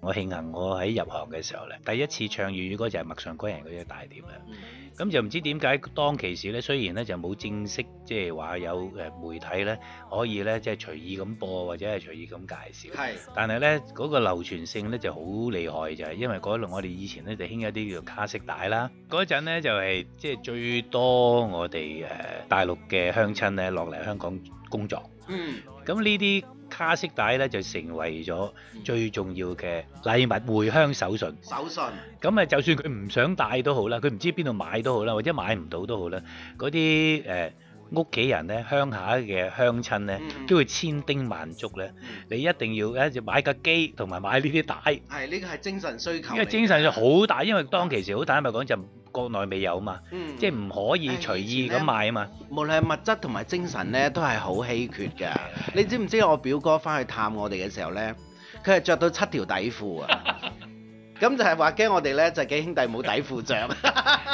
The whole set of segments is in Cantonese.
我慶幸我喺入行嘅時候咧，第一次唱粵語歌就係《陌上歸人》嗰隻大碟啦。咁就唔知點解當其時咧，雖然咧就冇正式即係話有誒媒體咧可以咧即係隨意咁播或者係隨意咁介紹。係的。但係咧嗰個流傳性咧就好厲害，就係因為嗰陣我哋以前咧就興一啲叫做卡式帶啦。嗰陣咧就係即係最多我哋誒大陸嘅鄉親咧落嚟香港工作。嗯。咁呢啲卡式帶咧就成為咗最重要嘅禮物、嗯、回鄉手信。手信。咁啊，就算佢唔想帶都好啦，佢唔知邊度買都好啦，或者買唔到都好啦。嗰啲誒屋企人咧，鄉下嘅鄉親咧，嗯、都會千叮萬囑咧，嗯、你一定要咧就買架機同埋買呢啲帶。係，呢個係精神需求。因為精神就好大，因為當其時好坦白講、啊、就。國內未有啊嘛，嗯，即係唔可以隨意咁買啊嘛。無論係物質同埋精神咧，都係好稀缺噶你知唔知我表哥翻去探我哋嘅時候咧，佢係着到七條底褲啊。 咁就係話驚我哋咧，就幾兄弟冇底褲著，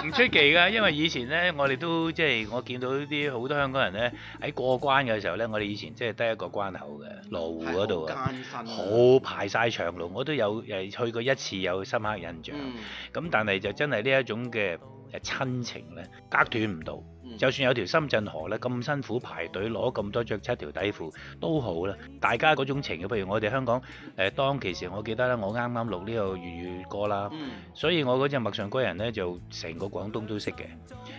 唔出奇噶。因為以前咧，我哋都即係我見到啲好多香港人咧喺過關嘅時候咧，我哋以前即係得一個關口嘅羅湖嗰度啊，好排晒長龍，我都有，有去過一次，有深刻印象。咁、嗯、但係就真係呢一種嘅誒親情咧，隔斷唔到。就算有條深圳河咧，咁辛苦排隊攞咁多着七條底褲都好啦。大家嗰種情嘅，譬如我哋香港誒當其時，我記得啦，我啱啱錄呢個粵語歌啦，嗯、所以我嗰隻陌上歸人咧就成個廣東都識嘅。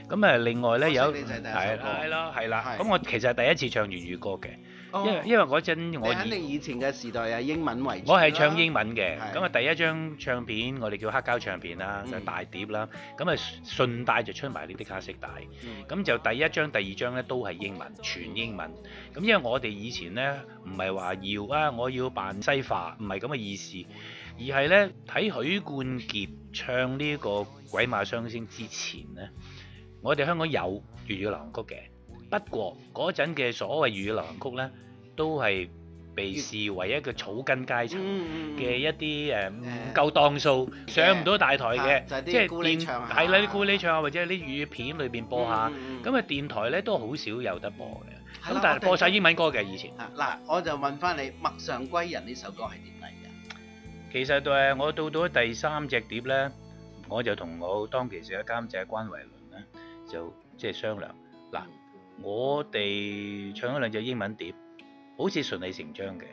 咁誒，另外咧有係啦，係啦，係啦，咁的我其實第一次唱粵語歌嘅。哦、因為因為嗰陣我以以前嘅時代啊，英文為主。我係唱英文嘅，咁啊的第一張唱片我哋叫黑膠唱片啦，即、就、係、是、大碟啦，咁啊、嗯、順帶就出埋呢啲卡式帶。咁、嗯、就第一張、第二張咧都係英文，嗯、全英文。咁、嗯、因為我哋以前咧唔係話要啊，我要扮西化，唔係咁嘅意思，而係咧喺許冠傑唱呢、這個《鬼馬雙星》之前咧，我哋香港有粵語流行曲嘅，不過嗰陣嘅所謂粵語流行曲咧。都係被視為一個草根階層嘅一啲誒，唔夠檔數，嗯、上唔到大台嘅，即係電係啦，啲故你唱下或者啲粵語片裏邊播下，咁啊、嗯嗯、電台咧都好少有得播嘅。咁、嗯、但係播晒英文歌嘅以前。嗱、啊，我就問翻你，《陌上歸人》呢首歌係點嚟嘅？其實誒，我到咗第三隻碟咧，我就同我當其時嘅監製關維倫咧，就即係、就是、商量。嗱，我哋唱咗兩隻英文碟。好似順理成章嘅，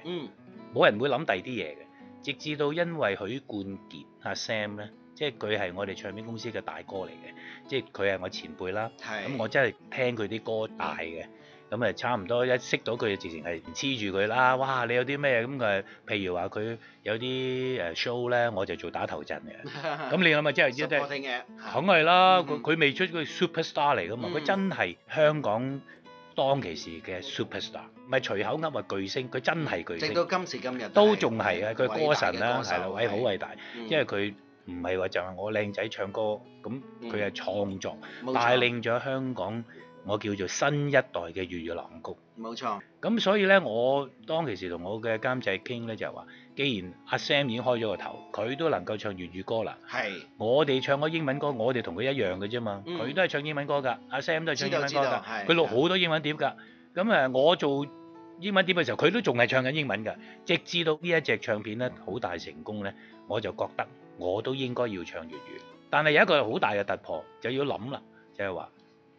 冇、嗯、人會諗第二啲嘢嘅，直至到因為許冠傑阿 Sam 咧，即係佢係我哋唱片公司嘅大哥嚟嘅，即係佢係我前輩啦。咁是我真係聽佢啲歌大嘅，咁啊、嗯、差唔多一識到佢，直情係黐住佢啦。哇！你有啲咩咁嘅？譬如話佢有啲 show 咧，我就做打頭陣嘅。咁 你諗咪即係即係，梗係啦。佢佢、嗯、未出個 Super Star 嚟噶嘛？佢、嗯、真係香港，當其時嘅 Superstar，唔係隨口噏話巨星，佢真係巨星。到今時今日都仲係啊！佢歌神啦，係啦，偉好偉大，因為佢唔係話就係、是、我靚仔唱歌，咁佢係創作、嗯、帶領咗香港，我叫做新一代嘅粵語樂壇。冇錯。咁所以咧，我當其時同我嘅監製傾咧，就係話。既然阿 Sam 已經開咗個頭，佢都能夠唱粵語歌啦。是我哋唱過英文歌，我哋同佢一樣嘅啫嘛。佢、嗯、都係唱英文歌㗎，阿、啊、Sam 都係唱英文歌㗎。佢道錄好多英文碟㗎。咁誒，我做英文碟嘅時候，佢都仲係唱緊英文㗎。直至到呢一隻唱片咧，好大成功咧，我就覺得我都應該要唱粵語。但係有一個好大嘅突破，就要諗啦，就係、是、話。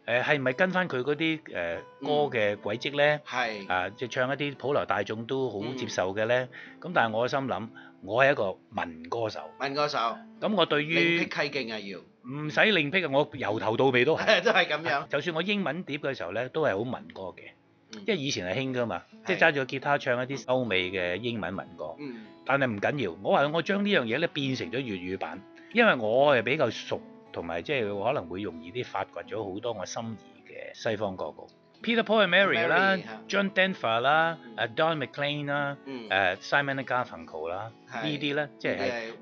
誒係咪跟翻佢嗰啲誒歌嘅軌跡咧？係啊、嗯，即係、呃、唱一啲普羅大眾都好接受嘅咧。咁、嗯、但係我心諗，我係一個民歌手。民歌手。咁、嗯、我對於。另闢蹊徑啊！要。唔使另闢啊！我由頭到尾都係。 都係咁樣、啊。就算我英文碟嘅時候咧，都係好民歌嘅，嗯、因為以前係興㗎嘛，即係揸住個吉他唱一啲歐美嘅英文民歌。嗯嗯、但係唔緊要，我話我將呢樣嘢咧，變成咗粵語版，因為我係比較熟。同埋即係可能會容易啲發掘咗好多我心儀嘅西方歌曲，Peter Paul and Mary 啦，John Denver 啦，誒 Don McLean 啦，誒 Simon and Garfunkel 啦，呢啲咧即係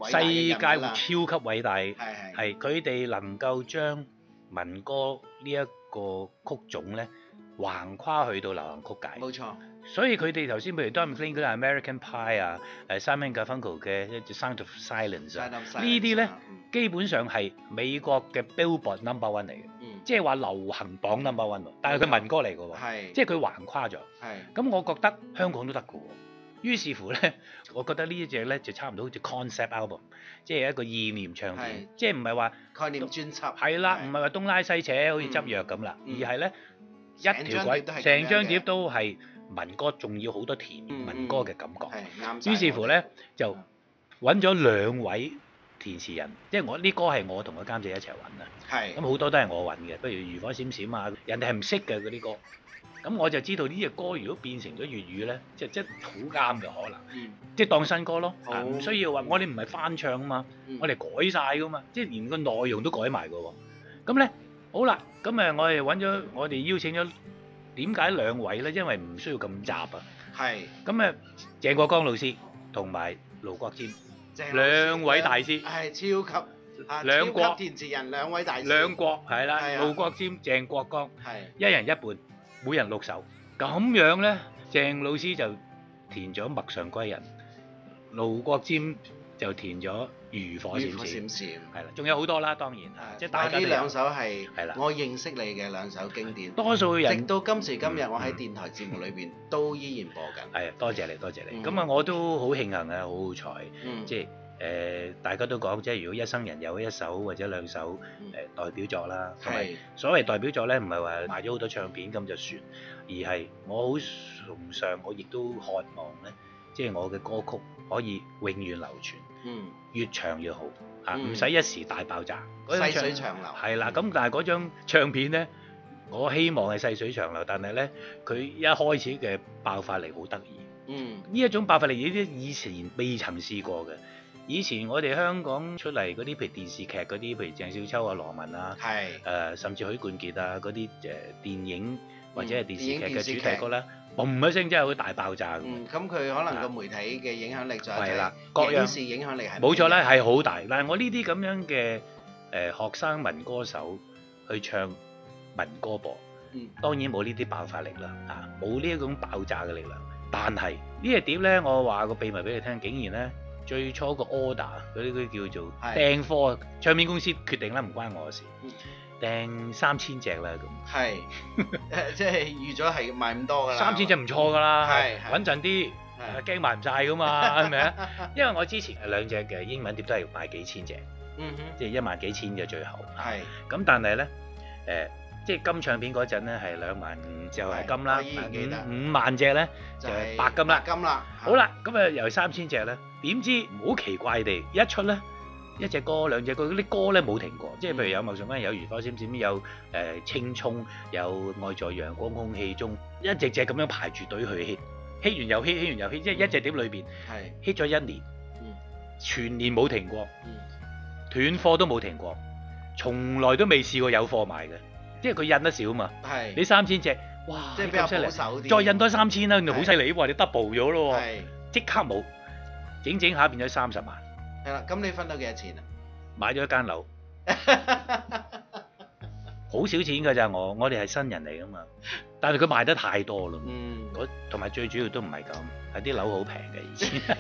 世界會超級偉大，係佢哋能夠將民歌呢一個曲種咧橫跨去到流行曲界。冇錯。所以佢哋頭先，譬如 Don't Think 嗰啲 American Pie 啊，誒 Simon & Garfunkel 嘅一隻 Sound of Silence 啊，呢啲咧基本上係美國嘅 Billboard Number One 嚟嘅，即係話流行榜 Number One。但係佢民歌嚟嘅喎，即係佢橫跨咗。係，咁我覺得香港都得嘅喎。於是乎咧，我覺得呢一隻咧就差唔多好似 concept album，即係一個意念唱片，即係唔係話概念專輯係啦，唔係話東拉西扯好似執藥咁啦，而係咧一條鬼成張碟都係。民歌仲要好多甜民歌嘅感覺，於是乎咧對就揾咗兩位填詞人，即係、嗯、我呢、這個、歌係我同個監製一齊揾啦，咁好是多都係我揾嘅，不如《漁火閃閃》啊，人哋係唔識嘅嗰啲歌，咁我就知道呢隻歌如果變成咗粵語咧，即係即係好啱嘅可能，即係、嗯、當新歌咯，唔好需要話、嗯、我哋唔係翻唱啊嘛，嗯、我哋改晒噶嘛，即、就、係、是、連個內容都改埋㗎喎，咁咧好啦，咁誒我哋揾咗我哋邀請咗。點解兩位咧？因為唔需要咁雜啊。係。咁誒，鄭國江老師同埋盧國沾兩位大師。係，超級。兩國填詞人，兩位大師。兩國係啦，盧國沾、鄭國江，一人一半，每人六首。咁樣咧，鄭老師就填咗《陌上歸人》，盧國沾就填咗。漁火閃閃，係啦，仲有好多啦，當然，的即係大家呢兩首係，係啦，我認識你嘅兩首經典，多數人，直到今時今日，我喺電台節目裏邊、嗯嗯、都依然播緊。係啊，多謝你，多謝你。咁啊、嗯，我都好慶幸嘅，好好彩。嗯、即係誒、呃，大家都講，即係如果一生人有一首或者兩首誒、呃、代表作啦，係。所謂代表作咧，唔係話賣咗好多唱片咁就算，而係我好崇尚，我亦都渴望咧，即係我嘅歌曲可以永遠流傳。嗯，越長越好嚇，唔使、嗯、一時大爆炸。細水長流係啦，咁的、嗯、但係嗰張唱片咧，我希望係細水長流，但係咧，佢一開始嘅爆發力好得意。嗯，呢一種爆發力，呢啲以前未曾試過嘅。以前我哋香港出嚟嗰啲，譬如電視劇嗰啲，譬如鄭少秋啊、羅文啊是、呃，甚至許冠傑啊嗰啲誒電影。或者係電視劇嘅、嗯、主題曲咧，嘣一聲真係好大爆炸。嗯，咁佢可能個媒體嘅影響力、就係，就仲有電視影響力係冇錯啦，係好大。但係我呢啲咁樣嘅誒、呃、學生民歌手去唱民歌噃，嗯、當然冇呢啲爆發力啦，啊，冇呢一種爆炸嘅力量。但係、呢個、呢隻碟咧，我話個秘密俾你聽，竟然咧最初個 order 嗰啲嗰啲叫做訂貨，的唱片公司決定啦，唔關我嘅事。嗯，訂三千隻啦咁，係即係預咗係要賣咁多噶啦。三千隻唔錯噶啦，係穩陣啲，驚賣唔晒噶嘛，係咪啊？因為我之前係兩隻嘅英文碟都係要賣幾千隻，嗯哼，即係一萬幾千嘅最後。係咁，但係咧誒，即係金唱片嗰陣咧係兩萬五就係金啦，五五萬隻咧就係白金啦。白金啦，好啦，咁誒由三千隻咧，點知好奇怪地一出咧？一隻歌兩隻歌，嗰啲歌咧冇停過，即係、嗯、譬如有《陌上歸人》、有《漁火閃閃》、先至有《誒青葱》，有《有愛在陽光空氣中》，一隻隻咁樣排住隊去 hit，hit 完又 hit，hit 完又 hit，、嗯、即係一隻碟裏邊，hit 咗一年，嗯、全年冇停過，斷、嗯、貨都冇停過，從來都未試過有貨賣嘅，即係佢印得少嘛，是你三千隻，哇即係比較，再印多三千啦，就好犀利喎，是你 double 咗咯，即是刻冇，整整下變咗三十萬。係啦，咁你分到幾多錢啊？買咗一間樓，好少錢㗎咋我，我哋係新人嚟㗎嘛。但係佢賣得太多啦，嗯，我同埋最主要都唔係咁，係啲樓好平嘅以前。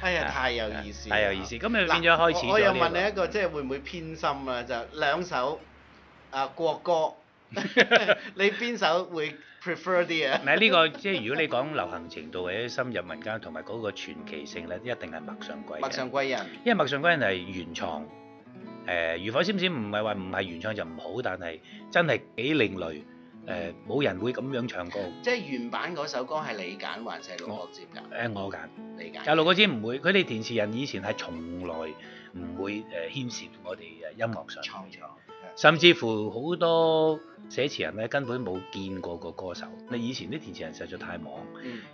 哎呀，太有意思，太有意思。咁你變咗開始咗呢個。我又問你一個，即係會唔會偏心啊？就兩首啊，國歌，你邊首會？prefer 啲唔係呢個，即係如果你講流行程度或者深入民間同埋嗰個傳奇性咧，一定係陌上歸。陌上歸人。因為陌上歸人係原創，誒、呃、漁火閃閃唔係話唔係原創就唔好，但係真係幾另類，誒、呃、冇人會咁樣唱歌。嗯、即係原版嗰首歌係你揀還是老國傑㗎？誒我揀。我你揀。啊陸國唔會，佢哋電視人以前係從來唔會誒牽涉我哋誒音樂上。甚至乎好多寫詞人咧，根本冇見過個歌手，你以前啲填詞人實在太忙，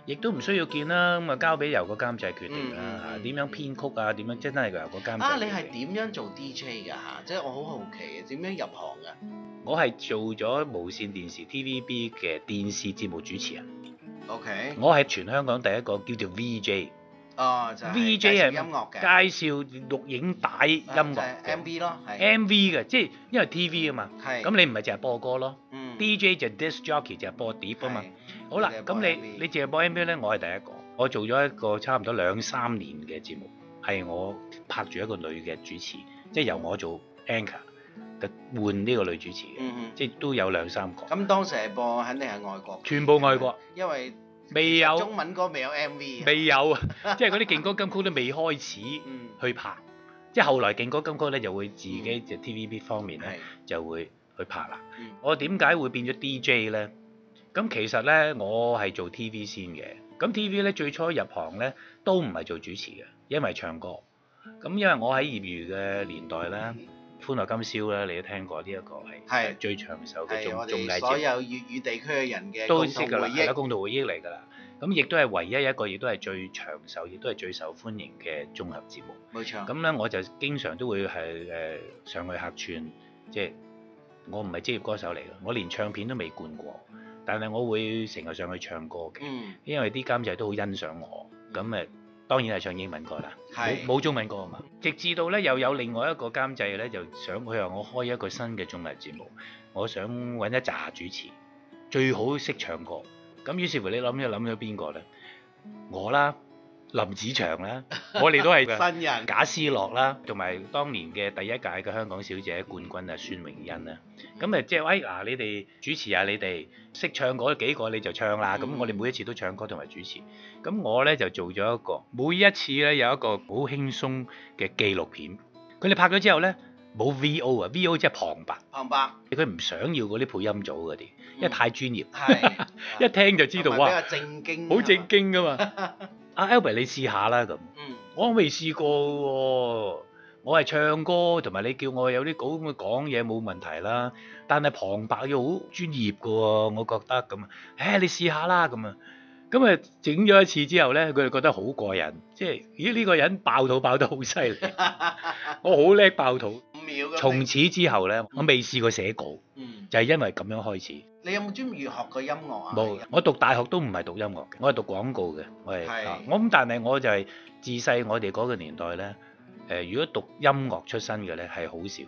亦都唔需要見啦。咁啊交俾由個監製決定啦嚇，點樣編曲啊，點樣真係由個監製。啊，你係點樣做 DJ 噶嚇？即係我好好奇，點樣入行噶？我係做咗無線電視 TVB 嘅電視節目主持人。OK，我係全香港第一個叫做 VJ。哦，就 VJ 係音樂嘅，介紹錄影帶音樂 MV 咯，MV 嘅，即係因為 TV 啊嘛。係的。咁你唔係淨係播歌咯？嗯。DJ 就 Disc Jockey，DJ 就播碟啊嘛的。好啦，咁你你淨係播 MV 咧？我係第一個，我做咗一個差唔多兩三年嘅節目，係我拍住一個女嘅主持，即係由我做 anchor，換呢個女主持嘅。嗯嗯。即係都有兩三個。咁當時係播肯定係外國。全部外國。因為，未有中文歌，未有 M V，未有啊， 即係嗰啲勁歌金曲都未開始去拍，嗯、即係後來勁歌金曲咧就會自己就 T V B 方面咧、嗯、就會去拍啦、嗯。我點解會變咗 D J 咧？咁其實咧我係做 T V 先嘅，咁 T V 咧最初入行咧都唔係做主持嘅，因為唱歌。咁因為我喺業餘嘅年代啦。嗯嗯歡樂今宵咧，你都聽過呢一、這個係最長壽嘅綜綜藝節目，所有粵語地區嘅人嘅都識嘅，大家共同回憶嚟㗎啦。咁亦都係唯一一個，亦都係最長壽，亦都係最受歡迎嘅綜合節目。冇錯錯。咁咧，我就經常都會係誒、呃、上去客串，即、就、係、是、我唔係職業歌手嚟嘅，我連唱片都未灌過，但係我會成日上去唱歌嘅，嗯、因為啲監製都好欣賞我，咁誒、嗯。當然係唱英文歌啦，冇冇中文歌啊嘛。是的 直至到咧，又有另外一個監製咧，就想佢話我開一個新嘅綜藝節目，我想揾一紮主持，最好識唱歌。咁於是乎你諗一諗咗邊個咧？我啦。林子祥啦， 我哋都係新人，賈思樂啦，同埋當年嘅第一屆嘅香港小姐冠軍啊，孫泳恩啊。咁誒、嗯，即係喂嗱，你哋主持啊，你哋識唱嗰幾個你就唱啦。咁、嗯、我哋每一次都唱歌同埋主持。咁我咧就做咗一個，每一次咧有一個好輕鬆嘅紀錄片。佢哋拍咗之後咧，冇 V O 啊，V O 即係旁白。旁白。佢唔想要嗰啲配音組嗰啲，因為太專業。係、嗯。 一聽就知道哇，比較正經。好哇哇正經噶嘛。 阿 Albert，你試下啦咁、嗯哦。我未試過喎，我係唱歌同埋你叫我有啲稿咁嘅講嘢冇問題啦。但係旁白要好專業嘅喎，我覺得咁啊。唉，你試下啦咁啊。咁啊，整咗一次之後咧，佢就覺得好過癮，即係咦呢、這個人爆肚爆得好犀利， 我好叻爆肚。從此之後咧，嗯、我未試過寫稿，嗯、就係因為咁樣開始。你有冇專業學過音樂啊？冇，我讀大學都唔係讀音樂嘅，我係讀廣告嘅，我係啊。我咁是但係我就係自細我哋嗰個年代咧，誒、呃、如果讀音樂出身嘅咧係好少，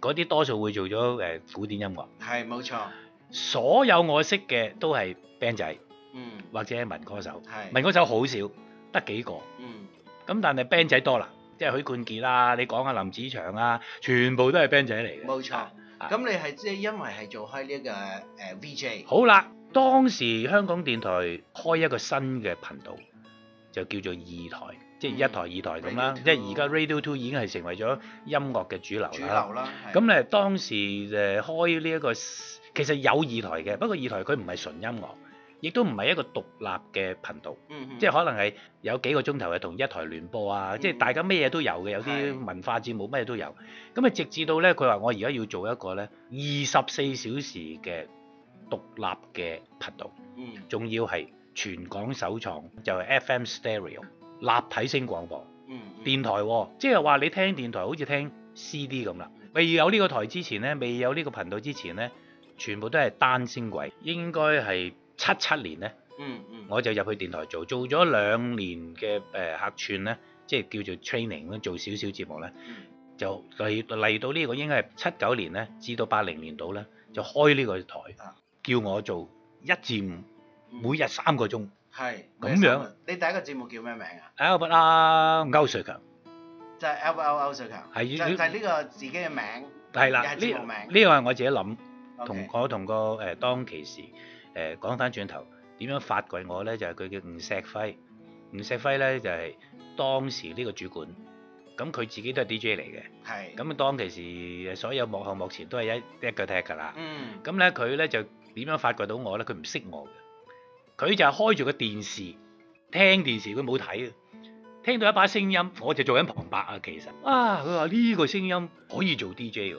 嗰啲、嗯、多數會做咗誒古典音樂。係冇錯。所有我識嘅都係 band 仔，嗯，或者民歌手，是民歌手好少，得幾個，嗯，咁但係 band 仔多啦。即係許冠傑啦、啊，你講下林子祥啊，全部都係 band 仔嚟嘅。冇錯，咁、啊、你係即係因為係做開呢一個誒 VJ。好啦，當時香港電台開一個新嘅頻道，就叫做二台，即、就、係、是、一台二台咁啦。嗯、即係而家 Radio Two, Radio Two 已經係成為咗音樂嘅主流啦。主流啦。咁咧當時誒開呢、這、一個其實有二台嘅，不過二台佢唔係純音樂。亦都唔係一個獨立嘅頻道，嗯、哼即係可能係有幾個鐘頭係同一台聯播啊。嗯、哼即係大家咩嘢都有嘅，有啲文化節目咩嘢都有。咁啊的，直至到呢，佢話我而家要做一個呢二十四小時嘅獨立嘅頻道，仲、嗯、要係全港首創就係、是、FM Stereo 立體聲廣播。嗯、哼電台、哦、即係話你聽電台好似聽 CD 咁啦。未有呢個台之前呢，未有呢個頻道之前呢，全部都係單聲軌，應該係。七七年咧，嗯嗯，我就入去電台做，做咗兩年嘅誒客串咧，即係叫做 training 咁做少少節目咧，就嚟嚟到呢個應該係七九年咧，至到八零年度咧就開呢個台，叫我做一至五，每日三個鐘，係，咁樣，你第一個節目叫咩名啊？Albert 區瑞強，就係 Albert 區瑞強，係就係呢個自己嘅名，係啦，呢個呢個係我自己諗，同我同個誒當其時。誒講翻轉頭點樣發掘我咧，就係、是、佢叫吳錫輝，吳錫輝咧就係、是、當時呢個主管，咁佢自己都係 DJ 嚟嘅，係的，咁當其時所有幕後幕前都係一一腳踢㗎啦，嗯，咁咧佢咧就點樣發掘到我咧？佢唔識我嘅，佢就係開住個電視聽電視，佢冇睇，聽到一把聲音，我就做緊旁白啊，其實，啊，佢話呢個聲音可以做 DJ 喎，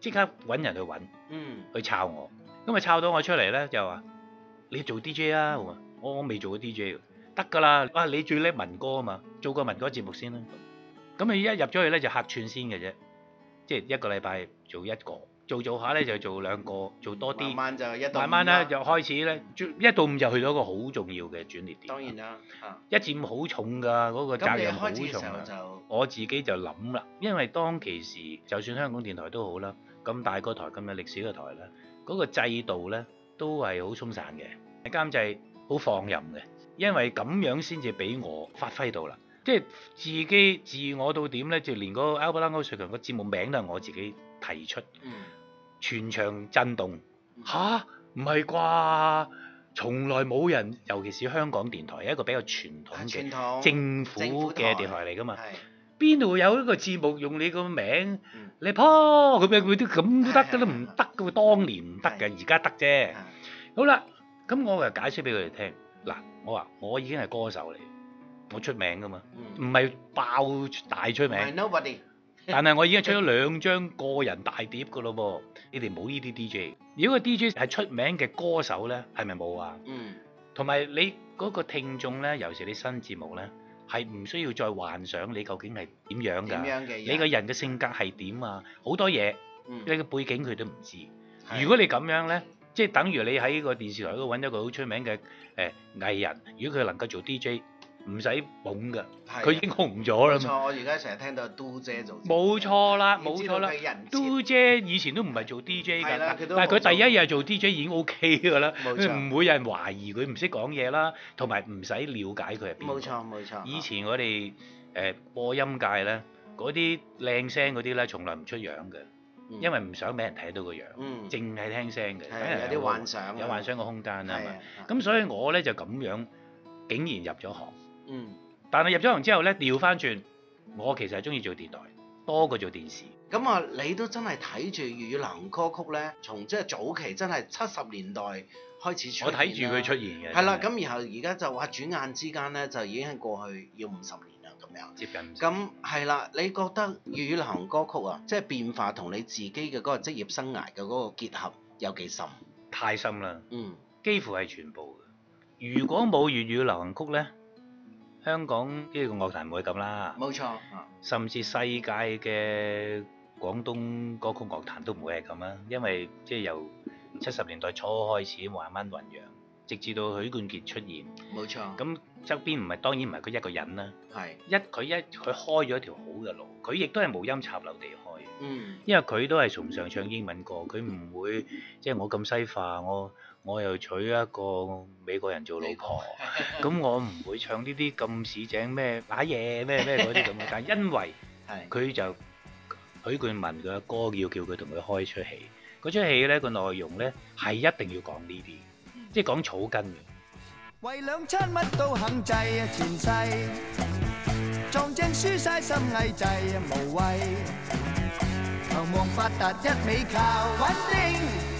即刻揾人去揾，嗯，去抄我。因為抄到我出嚟咧，就話你做 D J 啊！好嘛、嗯、我我未做過 D J 得㗎啦。哇、啊！你最叻民歌啊嘛，做個民歌節目先啦。咁你一入咗去咧，就客串先嘅啫，即係一個禮拜做一個，做一做一下咧就做兩個，做多啲。慢慢就一慢慢咧就開始咧，一到五就去到一個好重要嘅轉捩點。當然啦，啊、一至五好重㗎，嗰、嗰個責任好重，我自己就諗啦，因為當其時就算香港電台都好啦，咁大個台咁嘅歷史嘅台啦。嗰個制度咧都係好鬆散嘅，監製好放任嘅，因為咁樣先至俾我發揮到啦。即係自己自我到點咧，就連個 Albert 區瑞強個節目名都係我自己提出。嗯。全場震動吓？唔係啩？從來冇人，尤其是香港電台，係一個比較傳統嘅政府嘅電台嚟㗎嘛。邊度有呢個節目用你個名字？嗯、你 po 佢咁佢都咁都得噶啦，唔得嘅喎，當年唔得嘅，而家得啫。嗯、好啦，咁我誒解釋俾佢哋聽。嗱，我話我已經係歌手嚟，我出名噶嘛，唔係、嗯、爆大出名，Why nobody? 但係我已經出咗兩張個人大碟噶咯喎。你哋冇呢啲 DJ，如果個 DJ 係出名嘅歌手咧，係咪冇啊？嗯，同埋你嗰個聽眾咧，尤其你新節目咧。係唔需要再幻想你究竟係點樣㗎？樣的你個人嘅性格係點啊？好多嘢，嗯、你嘅背景佢都唔知。的如果你咁樣咧，即係等於你喺個電視台度揾咗個好出名嘅誒藝人，如果佢能夠做 DJ。唔使捧噶，佢已經紅咗啦嘛。冇錯，我而家成日聽到嘟姐做。冇錯啦，冇錯啦。嘟姐以前都唔係做 DJ 噶，但係佢第一日做 DJ 已經 OK 㗎啦，就唔會有人懷疑佢唔識講嘢啦，同埋唔使了解佢係邊個。冇錯，冇錯。以前我哋誒播音界咧，嗰啲靚聲嗰啲咧，從來唔出樣嘅，因為唔想俾人睇到個樣，淨係聽聲嘅。有啲幻想，有幻想嘅空間啊嘛。咁所以我咧就咁樣，竟然入咗行。嗯，但係入咗行之後咧，調翻轉，我其實係中意做電台多過做電視。咁啊，你都真係睇住粵語流行歌曲咧，從即係早期真係七十年代開始出現。我睇住佢出現嘅。係啦，咁然後而家就話轉眼之間咧，就已經係過去要五十年啦，咁樣。接近。咁係啦，你覺得粵語流行歌曲啊，即係變化同你自己嘅嗰個職業生涯嘅嗰個結合有幾深？太深啦，嗯，幾乎係全部嘅。如果冇粵語流行曲咧，香港呢個樂壇唔會咁啦，冇錯。甚至世界嘅廣東歌曲樂壇都唔會係咁啦，因為即係由七十年代初開始慢慢醖釀，直至到許冠傑出現，冇錯。咁側邊唔係當然唔係佢一個人啦，係，一佢一佢開咗條好嘅路，佢亦都係無心插柳地開，嗯，因為佢都係從上唱英文歌，佢唔會即係我咁西化，我。我又娶一個美國人做老婆，咁我唔會唱呢啲咁市井咩打嘢咩咩嗰啲咁嘅，但因為佢就許冠文嘅歌要叫佢同佢開出戲，嗰出戲咧，個內容咧，係一定要講呢啲，即係講草根嘅。為兩餐乜都肯制，前世撞正輸晒心翳，制無謂，求望發達一味靠揾丁。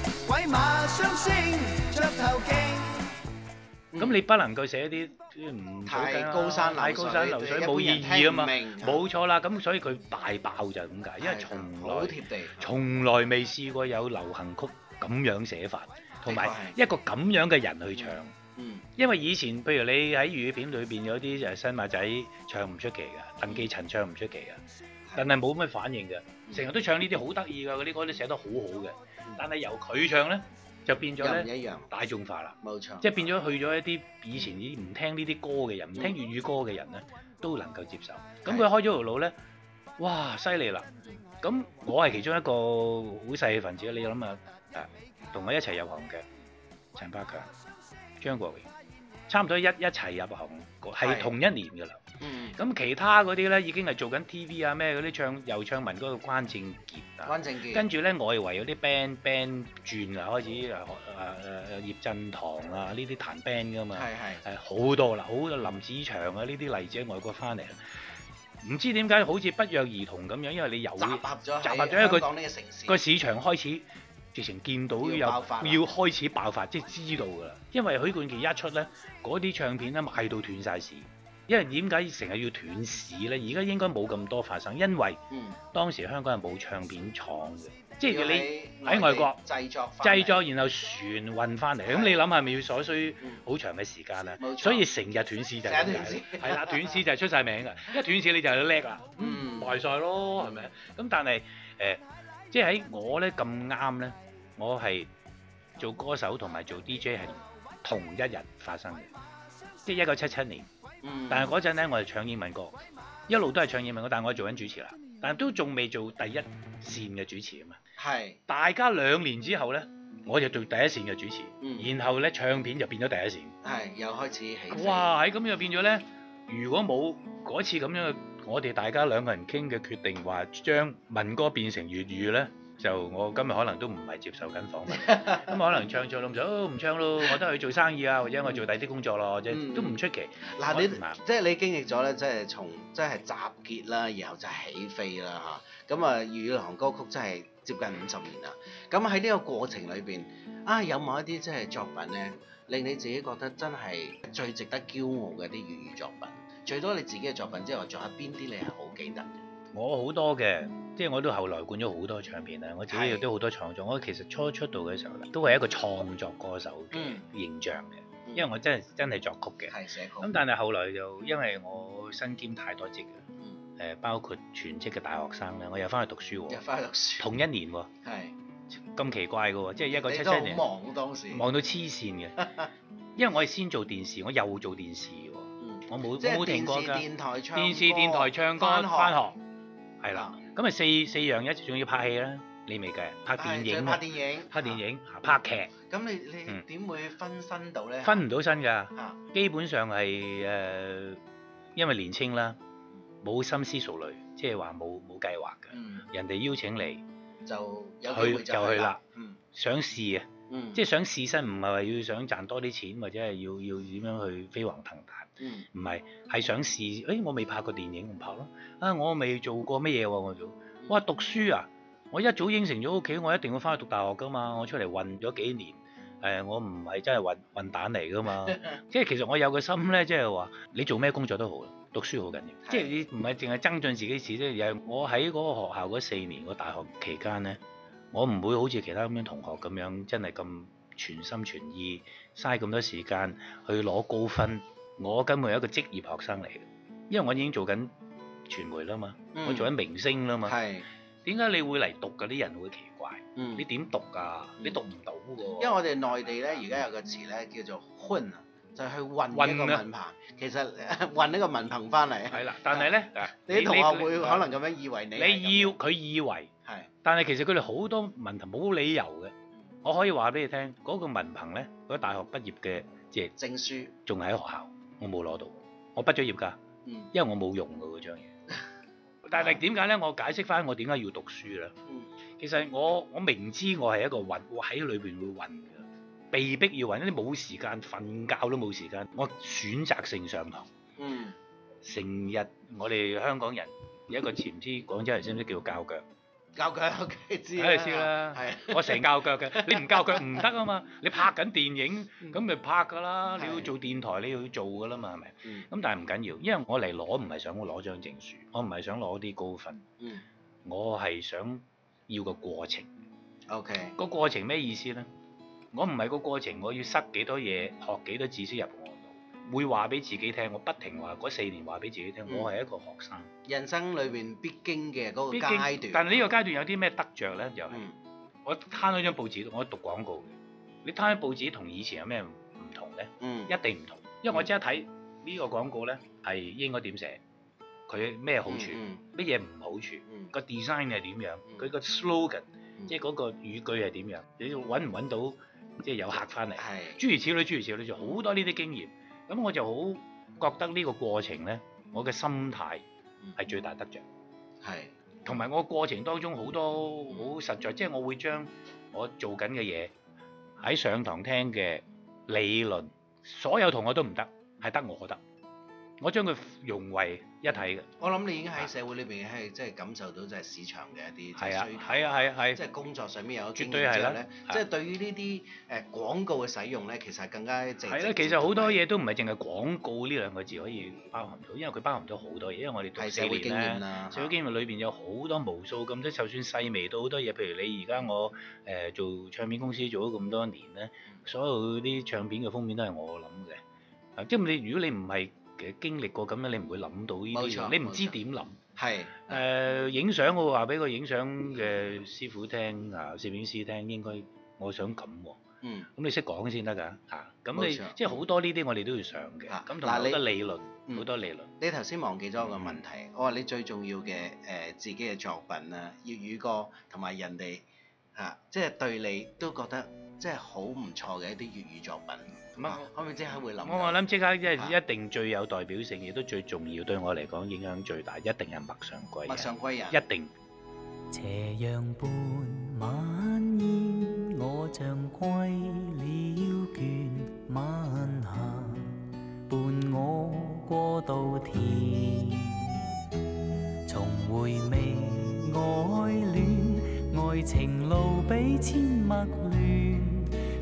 咁你不能夠寫啲唔太高山、太高山流水冇意義啊嘛，冇錯啦。咁所以佢大爆就係咁解，因為從來從來未試過有流行曲咁樣寫法，同埋一個咁樣嘅人去唱。因為以前譬如你喺粵語片裏邊有啲誒新馬仔唱唔出奇噶，鄧寄塵唱唔出奇噶，但係冇咩反應嘅。成日都唱呢啲好得意㗎，嗰啲歌都寫得好好嘅。但係由佢唱咧，就變咗咧，大眾化啦，冇錯。即係變咗去咗一啲以前唔聽呢啲歌嘅人，唔、嗯、聽粵語歌嘅人咧，都能夠接受。咁佢、嗯、開咗條路咧，哇，犀利啦！咁我係其中一個好細嘅分子，你諗啊，啊，同我一齊入行嘅陳百強、張國榮。差唔多一一齊入行，係同一年嘅啦。咁、嗯、其他嗰啲咧已經係做緊 TV 啊，咩嗰啲唱又唱民歌嗰個關正傑、啊，關正傑。跟住咧，外圍有啲 band band 轉啊，開始、嗯、啊啊啊葉振棠啊呢啲彈 band 噶嘛，係係係好多啦，好多林子祥啊呢啲例子喺外國翻嚟，唔知點解好似不約而同咁樣，因為你有集合咗集合咗一個一個市場開始。直情見到有要開始爆發，即係知道㗎啦。因為許冠傑一出咧，嗰啲唱片咧賣到斷晒市。因為點解成日要斷市咧？而家應該冇咁多發生，因為當時香港係冇唱片廠嘅，即係你喺外國製作製作，然後船運翻嚟。咁你諗下，咪要所需好長嘅時間咧？所以成日斷市就係咁解。係啦，斷市就係出晒名㗎。一斷市你就叻啦，賣晒咯，係咪？咁但係誒，即係喺我咧咁啱咧。我係做歌手同埋做 D J 係同一日發生嘅，即係一九七七年。但係嗰陣咧，我係唱英文歌，一路都係唱英文歌。但係我做緊主持啦，但係都仲未做第一線嘅主持啊嘛。係是大家兩年之後咧，我就做第一線嘅主持，是然後咧唱片就變咗第一線。係又開始起。哇！喺咁樣變咗咧。如果冇嗰次咁樣嘅，我哋大家兩個人傾嘅決定，話將民歌變成粵語咧。就我今日可能都唔係接受緊訪問，咁 可能唱錯咁就唔唱咯，我都去做生意啊， 或者我做第啲工作咯，嗯、都即都唔出奇。嗱，你即係你經歷咗咧，即係從即係集結啦，然後就起飛啦嚇。咁啊，粵語流行歌曲真係接近五十年啦。咁喺呢個過程裏邊，啊有冇一啲即係作品咧，令你自己覺得真係最值得驕傲嘅啲粵語作品？除咗你自己嘅作品之外，仲有邊啲你係好記得嘅？我好多嘅。即係我都後來灌咗好多唱片啦，我自己亦都好多創作。我其實初出道嘅時候咧，都係一個創作歌手嘅形象嘅，因為我真係真係作曲嘅。係寫歌。咁但係後來就因為我身兼太多職嘅，誒包括全職嘅大學生咧，我又翻去讀書喎，讀書同一年喎，咁是奇怪嘅喎，即係一九七七年。你都好忙當時，忙到黐線嘅，因為我係先做電視，我又做電視喎，嗯、我冇冇停過㗎。電視、電台唱歌、翻學，係啦。咁啊，四四樣一仲要拍戲啦，你未計拍電影，拍電影，拍電影嚇，拍電影啊、拍劇。咁你你點會分身到咧、嗯？分唔到身㗎，啊、基本上係誒、呃，因為年青啦，冇深思熟慮，即係話冇冇計劃㗎。嗯、人哋邀請你就，就去就去啦，嗯、想試啊，嗯、即係想試身，唔係話要想賺多啲錢或者係要要點樣去飛黃騰達。唔係，係想試。誒，我未拍過電影，唔拍咯。啊，我未做過乜嘢喎？我做哇讀書啊！我一早應承咗屋企，我一定要翻去讀大學㗎嘛。我出嚟混咗幾年，誒、哎，我唔係真係混混蛋嚟㗎嘛。 即係其實我有個心咧，即係話你做咩工作都好，讀書好緊要。係嘅，即係你唔係淨係增進自己知識，即又我喺嗰個學校嗰四年個大學期間咧，我唔會好似其他咁樣同學咁樣真係咁全心全意嘥咁多時間去攞高分。嗯我根本係一個職業學生嚟嘅，因為我已經做緊傳媒啦嘛，我做緊明星啦嘛。係。點解你會嚟讀？嗰啲人會奇怪。你點讀㗎？你讀唔到㗎。因為我哋內地咧，而家有個詞咧叫做混啊，就係去混呢個文憑。其實混呢個文憑翻嚟。係啦，但係咧，你啲同學會可能咁樣以為你。你要佢以為。係。但係其實佢哋好多文憑冇理由嘅，我可以話俾你聽，嗰個文憑咧，嗰啲大學畢業嘅即係證書，仲喺學校。我冇攞到，我畢咗業㗎，因為我冇用㗎嗰張嘢。嗯、但係點解咧？我解釋翻我點解要讀書啦。嗯、其實我我明知我係一個混，我喺裏邊會混㗎，被逼要混，因為冇時間，瞓覺都冇時間。我選擇性上堂，成日、嗯、我哋香港人有一個潛知，廣州人識唔識叫教腳？教腳 OK 知啦，係的我成的教腳嘅，你唔教腳唔得啊嘛。你拍緊電影咁咪拍噶啦，你要做電台你要做噶啦嘛，係咪？咁、嗯、但係唔緊要，因為我嚟攞唔係想攞張證書，我唔係想攞啲高分，嗯、我係想要個過程。OK 個過程咩意思咧？我唔係個過程，我要塞幾多嘢，學幾多知識入。會話俾自己聽，我不停話嗰四年話俾自己聽，我係一個學生。人生裏邊必經嘅嗰個階段。但係呢個階段有啲咩得着咧？又、就、係、是嗯、我攤咗張報紙，我讀廣告嘅。你攤咗報紙同以前有咩唔同咧？嗯、一定唔同，因為我即刻睇呢個廣告咧，係應該點寫？佢咩好處？乜嘢唔好處？個 design 係點樣？佢個 slogan，即係嗰個語句係點樣？你揾唔揾到即係、就是、有客翻嚟？是諸如此類，諸如此類，就好多呢啲經驗。咁我就好覺得呢個過程咧，我嘅心態係最大得着，係同埋我過程當中好多好實在，即係、嗯、我會將我做緊嘅嘢喺上堂聽嘅理論，所有同學都唔得，係得我覺得。我將佢融為一體嘅、嗯。我諗你已經喺社會裏邊係即係感受到就係市場嘅一啲係啊，係啊，係啊，即係、啊啊、工作上面有經驗咧，即係對於呢啲誒廣告嘅使用咧，其實更加正啦、啊，其實好多嘢都唔係淨係廣告呢兩個字可以包含到，因為佢包含咗好多嘢。因為我哋對社會經驗啦，啊、社會經驗裏邊有好多無數咁多，就算細微到好多嘢，譬如你而家我誒、呃、做唱片公司做咗咁多年咧，所有啲唱片嘅封面都係我諗嘅、啊，即係你如果你唔係。其實經歷過咁樣，你唔會諗到呢啲嘢，你唔知點諗。係，誒影相我話俾個影相嘅師傅聽，啊攝影師聽，應該我想咁喎。嗯。咁你識講先得㗎，嚇。冇錯。咁你即係好多呢啲，我哋都要上嘅。咁同埋好多理論，好多理論。你頭先忘記咗個問題，我話你最重要嘅誒自己嘅作品啊，粵語歌同埋人哋嚇，即係對你都覺得。真係好唔錯嘅一啲粵語作品。咁啊，可唔可以即刻會諗？我我諗即刻即一定最有代表性，亦、啊、都最重要對我嚟講影響最大，一定係陌上歸人。陌上歸人一定。斜陽伴晚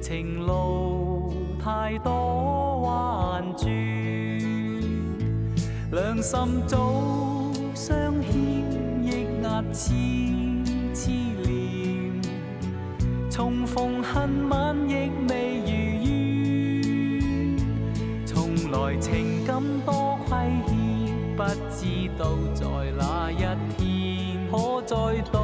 情路太多彎轉，兩心早相牽，亦壓似痴念。重逢恨晚，亦未如願，從來情感多虧欠，不知道在哪一天可再度。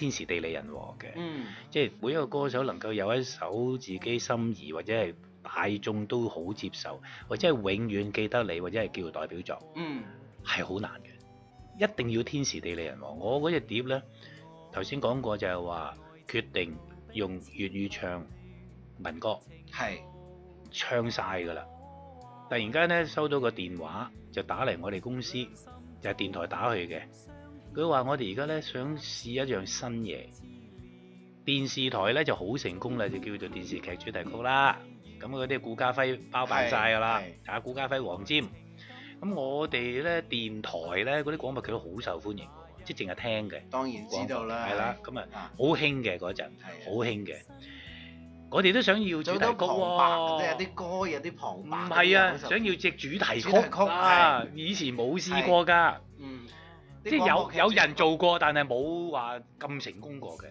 天時地利人和嘅，嗯、即係每一個歌手能夠有一首自己心意或者係大眾都好接受，或者係永遠記得你或者係叫代表作，嗯、係好難嘅。一定要天時地利人和。我嗰隻碟呢，頭先講過就係話決定用粵語唱民歌，係是唱晒㗎啦。突然間呢，收到個電話就打嚟我哋公司，就係、是、電台打去嘅。佢話：我哋而家咧想試一樣新嘢，電視台咧就好成功啦，就叫做電視劇主題曲啦。咁嗰啲顧嘉輝包辦晒噶啦，啊顧嘉輝、黃霑。咁我哋咧電台咧嗰啲廣播劇都好受歡迎嘅，即係淨係聽嘅。當然知道啦。係啦，咁啊好興嘅嗰陣，好興嘅。我哋都想要主題曲喎，即係有啲歌，有啲旁白。唔係啊，想要隻主題曲啊，以前冇試過㗎。嗯。即係有有人做過，但係冇話咁成功過嘅，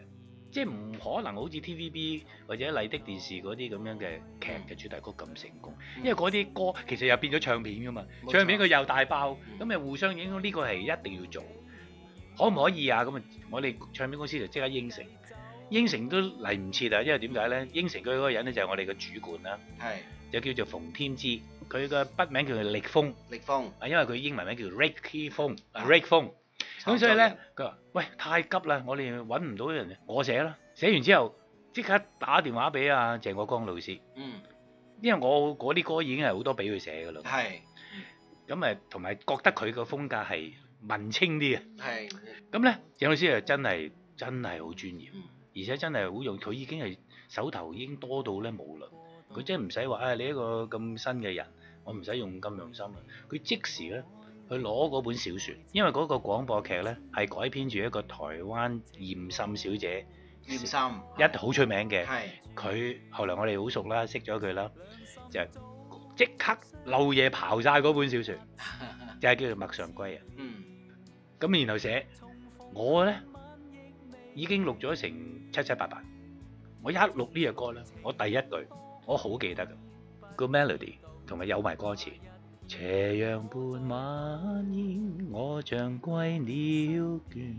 即係唔可能好似 TVB 或者麗的電視嗰啲咁樣嘅劇嘅主題曲咁成功，因為嗰啲歌其實又變咗唱片噶嘛，錯唱片佢又大爆，咁又、嗯、互相影響，呢、呢個係一定要做，嗯、可唔可以啊？咁啊，我哋唱片公司就即刻應承，應承都嚟唔切啊，因為點解咧？應承佢嗰個人咧就係我哋嘅主管啦，係是就叫做馮天之。佢嘅筆名叫做力風，力風峰，啊，因為佢英文名叫 Ricky Fung，Ricky Fung，咁所以咧，佢話：喂，太急啦，我哋揾唔到人，我寫啦。寫完之後即刻打電話俾阿、啊、鄭國江老師。嗯。因為我嗰啲歌已經係好多俾佢寫噶啦。係是。咁誒，同埋覺得佢個風格係文青啲嘅。係是。咁咧，鄭老師誒真係真係好專業，嗯、而且真係好用。佢已經係手頭已經多到咧冇啦。佢到真係唔使話啊！你一個咁新嘅人，我唔使用咁用心啦。佢即時咧。佢攞嗰本小説，因為嗰個廣播劇咧，係改編住一個台灣艷心小姐，艷心深一好出名嘅，佢的後嚟我哋好熟啦，識咗佢啦，就即刻漏夜刨晒嗰本小説， 就係叫做《陌上歸》啊。嗯，咁然後寫我咧已經錄咗成七七八八，我一錄呢隻歌咧，我第一句我好記得嘅個 melody 同埋有埋歌詞。斜陽伴晚煙，我像歸鳥倦。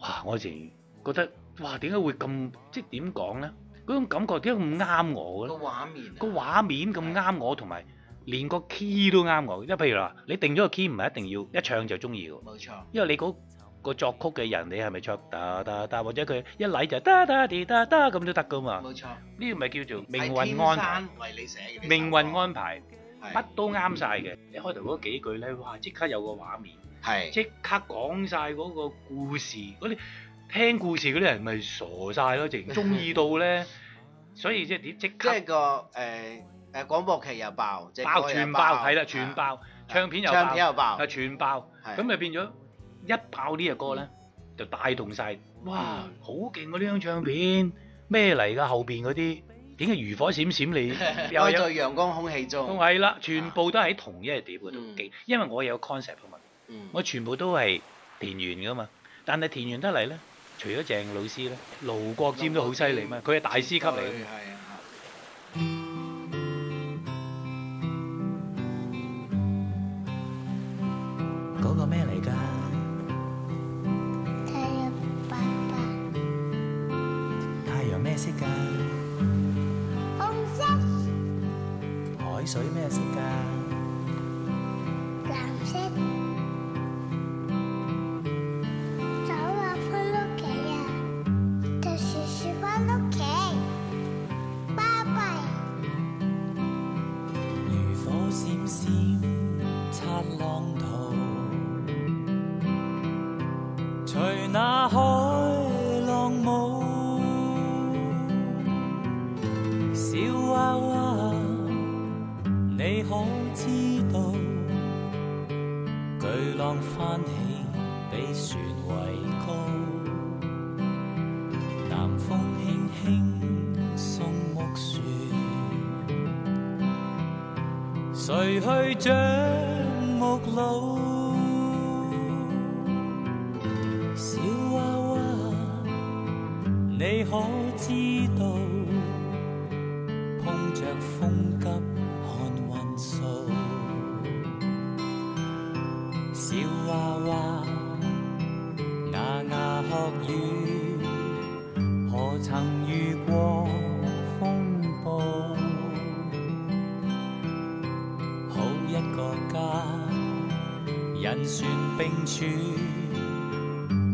哇！我以前覺得哇，點解會咁，即係點講咧？嗰、就是、種感覺點解咁啱我嘅？個畫面個、啊、畫面咁啱我，同埋的連個 key 都啱我。即係譬如啦，你定咗個 key 唔係一定要一唱就中意嘅。冇錯錯，因為你嗰、那個那個作曲嘅人，你係咪 choo 噠噠噠，或者佢一嚟就噠噠滴噠噠咁都得噶嘛？冇錯錯，呢個咪叫做命運安，安排。命運安排。乜都啱晒嘅，你開頭嗰幾句咧，哇！即刻有個畫面，即刻講晒嗰個故事，嗰啲聽故事嗰啲人咪傻晒咯，直中意到咧，所以即係點即係個誒誒廣播劇又爆，即係全爆，係啦，全爆，唱片又爆，係全爆，咁就變咗一爆呢個歌咧，就帶動晒。哇！好勁㗎呢張唱片，咩嚟㗎後邊嗰啲？點解漁火閃閃你，你 又有在陽光空氣中，都係啦，全部都喺同一個碟嗰度記，嗯、因為我有 concept 啊嘛，我全部都係田園噶嘛，但係田園得嚟咧，除咗鄭老師咧，盧國沾都好犀利嘛，佢係大師級嚟。嗯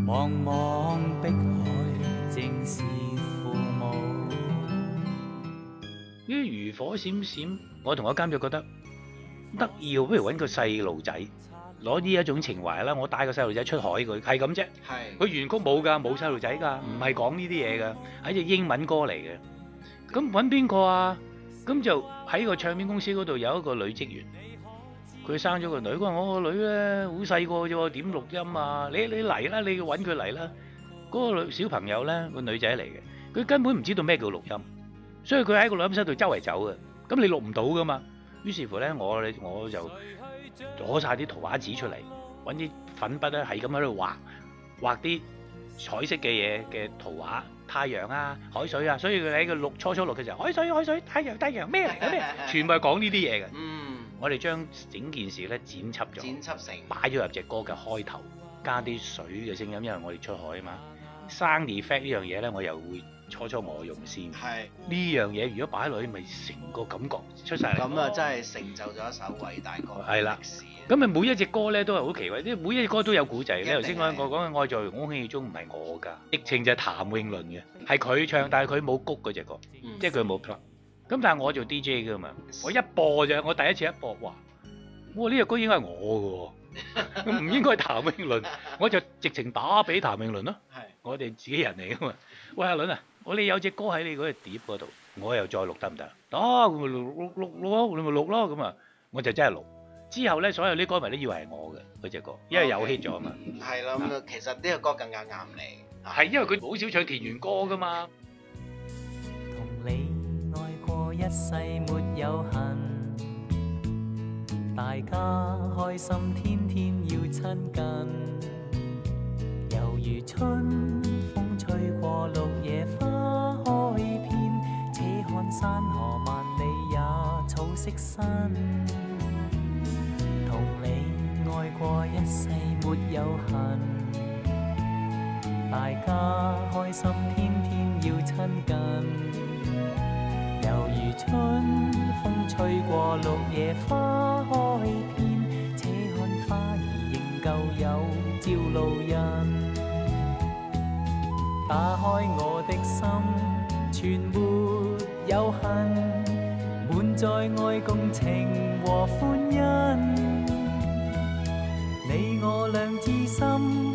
茫茫碧海，正是父母。於漁火閃閃，我同我監就覺得得意哦，不如搵個細路仔，攞呢一種情懷啦，我帶個細路仔出海佢係咁啫。係、就是，佢是原曲冇噶，冇細路仔噶，唔係講呢啲嘢噶，係隻英文歌嚟嘅。咁搵邊個啊？咁就喺個唱片公司嗰度有一個女職員。佢生咗個女，佢話我個女咧好細個啫喎，點錄音啊？你你嚟啦，你揾佢嚟啦。嗰個女小朋友咧，個女仔嚟嘅，佢根本唔知道咩叫錄音，所以佢喺個錄音室度周圍走嘅，咁你錄唔到噶嘛？於是乎咧，我我就攞晒啲圖畫紙出嚟，揾啲粉筆咧，係咁喺度畫，畫啲彩色嘅嘢嘅圖畫，太陽啊，海水啊，所以佢喺個錄初初錄嘅時候，海水海水，太陽太陽，咩嚟咩？全部係講呢啲嘢嘅。嗯。我哋將整件事咧剪輯咗，剪輯成擺咗入隻歌嘅開頭，加啲水嘅聲音，因為我哋出海啊嘛。Sound effect 呢樣嘢咧，hmm. 我又會初初我用先。係呢樣嘢，hmm. 如果擺落去，咪成個感覺出晒嚟。咁啊，哦、真係成就咗一首偉大歌。係啦，咁啊，每一隻歌咧都係好奇怪，因為每一隻歌都有古仔，你頭先我講嘅《愛在空氣中》唔係我噶，疫情就係譚詠麟嘅，係佢唱，但係佢冇谷嗰隻歌，mm hmm. 即係佢冇咁但係我做 DJ 噶嘛，我一播啫，我第一次一播，哇，哇呢隻歌應該係我嘅喎，唔應該係譚詠麟，我就直情打俾譚詠麟咯。係，我哋自己人嚟噶嘛。喂阿倫啊，我哋有隻歌喺你嗰隻碟嗰度，我又再錄得唔得？得。啊，你咪錄錄咯，你咪錄咯，咁啊，我就真係錄。之後咧，所有啲歌迷都以為係我嘅嗰隻歌，因為有 hit 咗啊嘛。係啦，咁、okay. 其實呢隻歌更加啱你。係因為佢好少唱田園歌噶嘛。同你。一世沒有恨，大家開心，天天要親近。猶如春風吹過綠野，花開遍，且看山河萬里也草色新。同你愛過一世沒有恨，大家開心，天天要親近。猶如春風吹過，綠野花開遍，且看花兒仍舊有朝露印。打開我的心，全沒有恨，滿載愛、共情和歡欣。你我兩知心，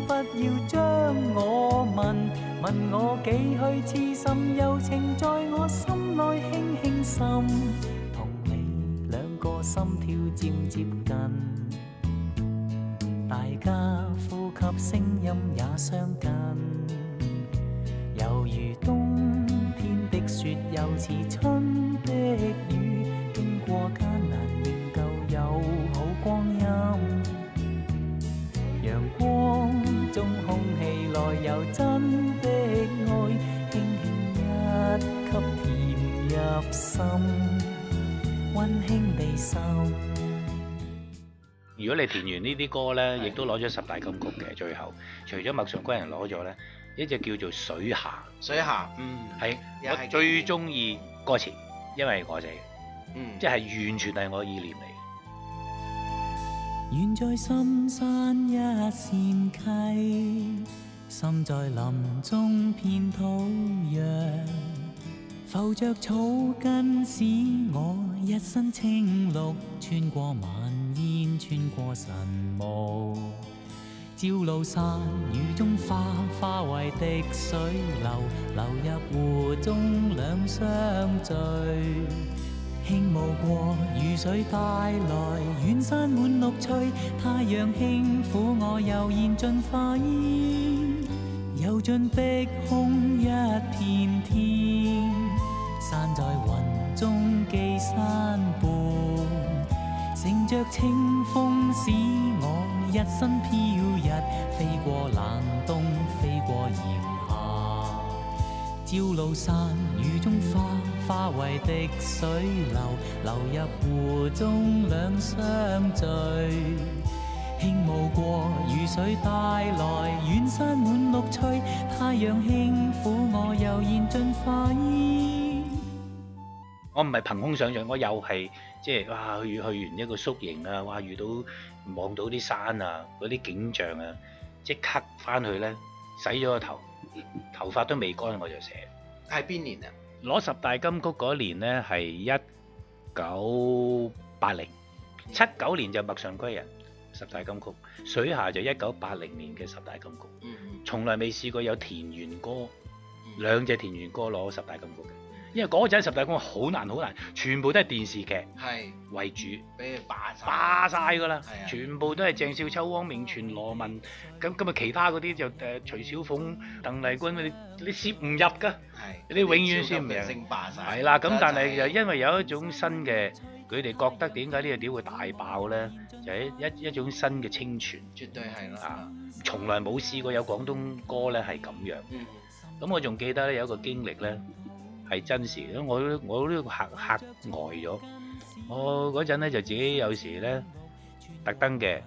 不要將我問，問我幾許痴心，柔情在我心內輕輕滲。同你兩個心跳漸接近，大家呼吸聲音也相近，猶如冬天的雪，又似春中空氣內有真的愛輕輕一吸，甜入心溫馨地收。如果你填完呢啲歌咧，亦的都攞咗十大金曲嘅。最後，除咗《陌上歸人》攞咗咧，一隻叫做《水霞》。水霞，嗯，係是是我最中意歌詞，因為我哋，嗯，即係完全係我意念嚟。遠在深山一線溪，心在林中遍土壤，浮着草根使我一身青綠，穿過晚煙，穿過晨霧，朝露散，雨中花，花為滴水流，流入湖中兩相聚。輕霧過，雨水帶來遠山滿綠翠，太陽輕撫我煙，悠然進化煙，又進碧空一片天，天。山在雲中寄山伴，乘着清風使我一身飄逸，飛過冷冬，飛過炎。朝露山雨中花，花為滴水流，流入湖中兩相聚。輕霧過，雨水帶來遠山滿綠翠，太陽輕撫我又現，又然盡化衣。我唔係憑空想象，我又係即係哇，去去完一個宿營啊，哇，遇到望到啲山啊，嗰啲景象啊，即刻翻去咧，洗咗個頭。頭髮都未乾，我就寫。係邊年啊？攞十大金曲嗰年呢，係一九八零、嗯、七九年就《陌上歸人》十大金曲，《水霞》就一九八零年嘅十大金曲。嗯嗯，從來未試過有田園歌，兩隻、嗯、田園歌攞十大金曲。因為嗰陣十大公好難好難，全部都係電視劇為主，俾佢霸晒，霸晒㗎啦，是的全部都係鄭少秋、汪明荃、羅文，咁咁日其他嗰啲就誒徐小鳳、鄧麗君，啲，你攝唔入㗎，你的永遠攝唔入？係啦，咁但係就因為有一種新嘅，佢哋的覺得點解呢個屌會大爆咧？就係、是、一一種新嘅清泉，絕對係啦，啊、的從來冇試過有廣東歌咧係咁樣。咁、嗯、我仲記得咧有一個經歷咧。係真事，咁我我呢個客客呆咗。我嗰陣咧就自己有時咧特登嘅，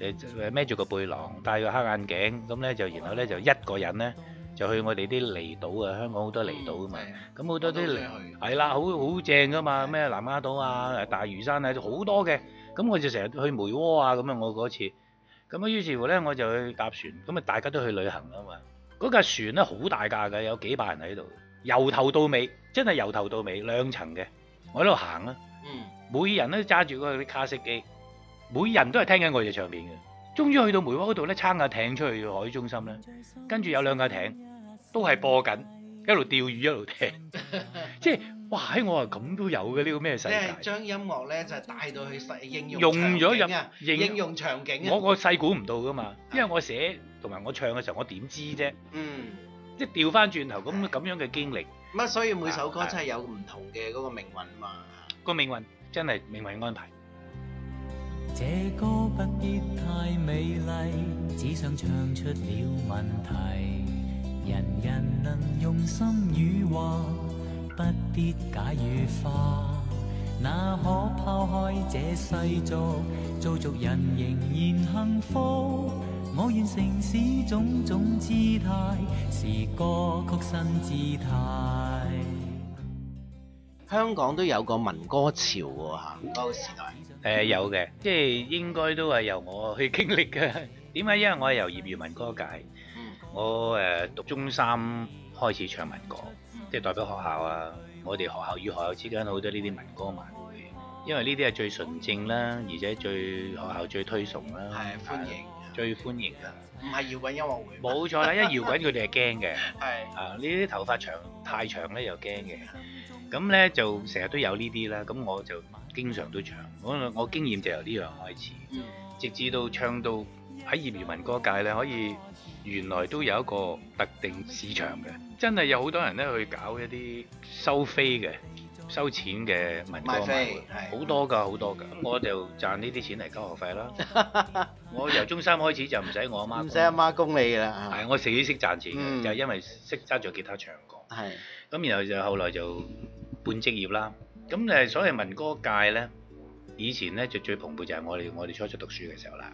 誒孭住個背囊，戴個黑眼鏡，咁咧就然後咧就一個人咧就去我哋啲離島啊，香港好多離島啊嘛。咁好多啲離島，係啦，好好正噶嘛，咩南丫島啊、大嶼山啊，好多嘅。咁我就成日去梅窩啊，咁樣我嗰次。咁啊，於是乎咧我就去搭船，咁啊大家都去旅行啊嘛。嗰架船咧好大架㗎，有幾百人喺度。由頭到尾，真係由頭到尾兩層嘅，我喺度行啦。嗯，每人，個 A，每人都揸住嗰啲卡式機，每人都係聽緊我隻唱片嘅。終於去到梅窩嗰度咧，撐架艇出去海中心咧，跟住有兩個艇都係播緊，一路釣魚一路聽。 即係哇！哎、我話咁都有嘅呢個咩世界？你將音樂咧就係、帶到去實應用場景啊！用應，用應用場景、啊、我個細估唔到㗎嘛，因為我寫同埋、嗯、我唱嘅時候，我點知啫？嗯。即掉返轉頭咁咁樣嘅經歷，咁啊，所以每首歌真係有唔同嘅嗰個命運嘛！個命運真係命運安排。我願城市種種姿態，是歌曲新姿態。香港都有個民歌潮喎、哦、嚇，民、那、歌、個、時代誒、嗯呃、有嘅，即係應該都係由我去經歷嘅。點解？因為我係由業餘民歌界，我誒、呃、讀中三開始唱民歌，即係代表學校啊。我哋學校與學校之間好多呢啲民歌晚會，因為呢啲係最純正啦，而且最學校最推崇啦，是但歡迎。最歡迎㗎，唔係搖滾音樂會。冇錯啦，因為搖滾佢哋係驚嘅。係 是的 啊，呢啲頭髮長太長咧又驚嘅，咁咧就成日都有呢啲啦。咁我就經常都唱，我我經驗就由呢樣開始，嗯、直至到唱到喺業餘民歌界咧，可以原來都有一個特定市場嘅，真係有好多人咧去搞一啲收飛嘅。收錢嘅民歌嘛，好多㗎，好多㗎，我就賺呢啲錢嚟交學費啦。 我由中三開始就唔使我阿媽了，唔使阿媽供你啦。係，我自己識賺錢嘅、嗯、就係因為識揸住吉他唱歌。係的，咁然後就後來就半職業啦。咁誒，所謂民歌界咧，以前咧就最蓬勃就係我哋我哋初初讀書嘅時候啦。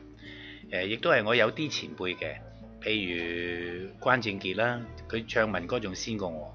誒，亦都係我有啲前輩嘅，譬如關正傑啦，佢唱民歌仲先過我。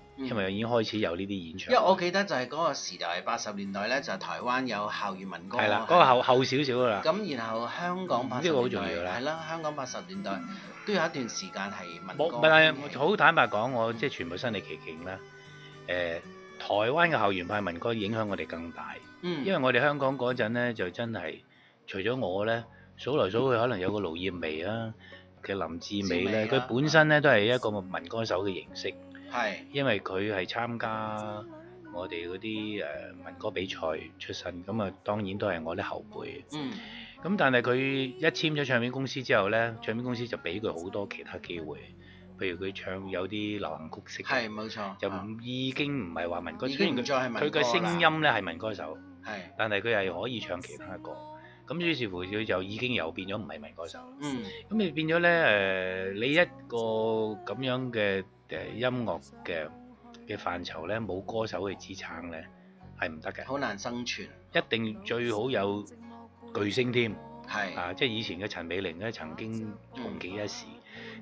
嗯、因為已經開始有呢啲演唱，因為我記得就係嗰個時代，八十年代咧，就係、台灣有校園民歌。係啦的，嗰的個後後少少啦。咁然後香港八十年代呢個好重要啦，係啦，香港八十年代都有一段時間係民歌。唔係，好坦白講，我、嗯、即係全部身歷其境啦。誒、呃，台灣嘅校園派民歌影響我哋更大。嗯、因為我哋香港嗰陣咧，就真係除咗我咧，數來數去可能有個盧業瑂啊，其實林志美咧，佢、啊、本身咧都係一個民歌手嘅形式。係，是因為佢係參加我哋嗰啲誒民歌比賽出身，咁啊當然都係我啲後輩。嗯，咁但係佢一簽咗唱片公司之後咧，唱片公司就俾佢好多其他機會，譬如佢唱有啲流行曲式嘅，係，冇錯，就已經唔係話民歌。雖然佢佢嘅聲音咧係民歌手，係，他是是但係佢係可以唱其他歌。咁於是乎佢就已經又變咗唔係民歌手。嗯，咁你變咗咧誒？你一個咁樣嘅。嘅音樂嘅嘅範疇咧，冇歌手去支撐咧，係唔得嘅。好難生存。一定最好有巨星添。係是。啊，即係以前嘅陳美玲咧，曾經紅極一時。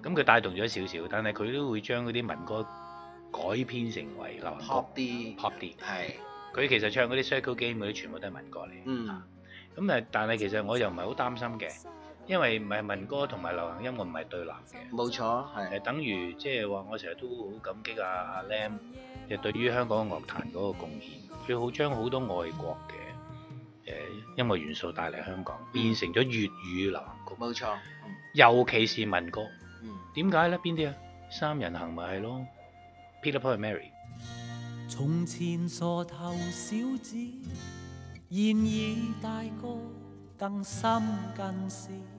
咁佢、嗯、帶動咗少少，但係佢都會將嗰啲民歌改編成為流行歌。pop 啲。pop 啲。係。佢其實唱嗰啲《Circle Game》嗰啲全部都係民歌嚟。嗯。咁啊，但係其實我又唔係好擔心嘅。因為唔係民歌同埋流行音樂唔係對立嘅。冇錯，係。等於即係話，我成日都好感激阿、啊、阿 Lam，其實對於香港樂壇嗰個貢獻，佢好將好多外國嘅誒音樂元素帶嚟香港，嗯、變成咗粵語流行曲，冇錯，尤其是民歌。點解咧？邊啲啊？三人行咪係咯，Peter Paul and Mary。從前梳頭小子，現已大個更深近事。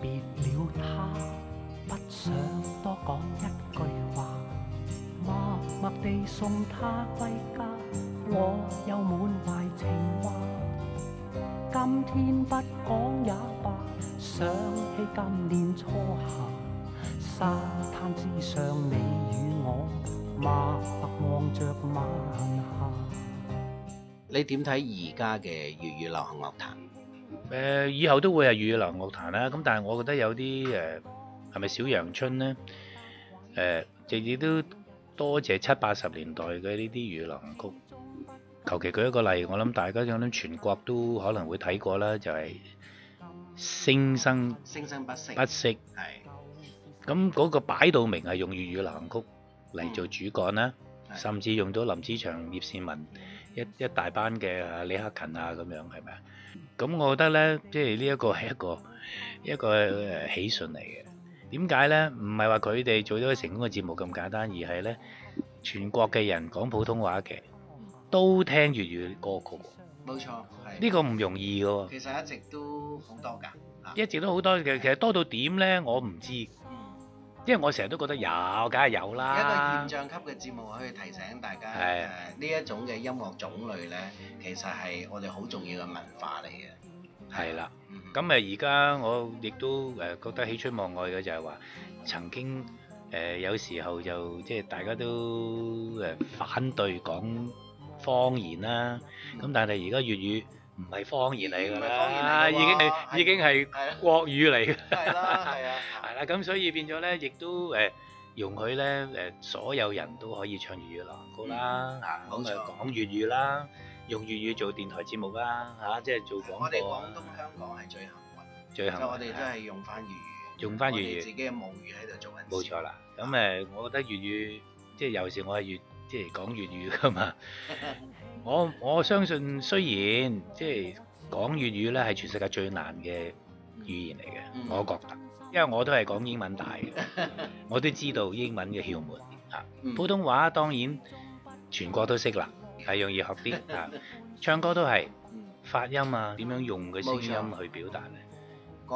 別了他，不想多講一句話，默默地送他歸家。我又滿懷情話，今天不講也罷。想起今年初夏，沙灘之上你與我默默望着晚霞。你點睇而家嘅粵語流行樂壇？誒、呃、以後都會係粵語流行樂壇啦，咁但係我覺得有啲誒係咪小陽春咧？誒、呃，直接都多謝，謝七八十年代嘅呢啲粵語流行曲。求其舉一個例，我諗大家響全國都可能會睇過啦，就係《聲生》。聲生不息。聲聲不息係。咁嗰個擺到明係用粵語流行曲嚟做主幹啦，嗯、甚至用到林子祥、葉倩文一一大班嘅李克勤啊咁樣，係咪啊？咁我覺得咧，即係呢一個係一個一個喜訊嚟嘅。點解咧？唔係話佢哋做咗個成功嘅節目咁簡單，而係咧全國嘅人講普通話嘅，都聽粵語歌曲。冇錯，係呢個唔容易嘅。其實一直都好多㗎，啊、一直都好多嘅。其實多到點咧，我唔知。因為我成日都覺得有，梗係有啦。一個現象級嘅節目可以提醒大家，呢的、啊、一種嘅音樂種類咧，其實係我哋好重要嘅文化嚟嘅。係啦的，咁誒而家我亦都誒覺得喜出望外嘅就係話，曾經誒、呃、有時候就即係大家都誒反對講方言啦，咁、嗯、但係而家粵語。唔係方言嚟㗎啦，已經係已經係國語嚟嘅。係啦，係啊，係啦，咁所以變咗咧，亦都容許咧所有人都可以唱粵語流行歌啦，咁講粵語啦，用粵語做電台節目啦，即係做廣我哋廣東香港係最幸運，最幸運，我哋都係用翻粵語，用翻粵語，自己母語喺度做緊。冇錯啦，咁我覺得粵語，即係有時我係粵，即係講粵語㗎嘛。我我相信，雖然即係講粵語咧，係全世界最難嘅語言嚟嘅，mm hmm. 我覺得，因為我都係講英文大嘅， 我都知道英文嘅竅門啊。普通話當然全國都識啦，係容易學啲啊。 唱歌都係發音啊，點樣用嘅聲音去表達咧？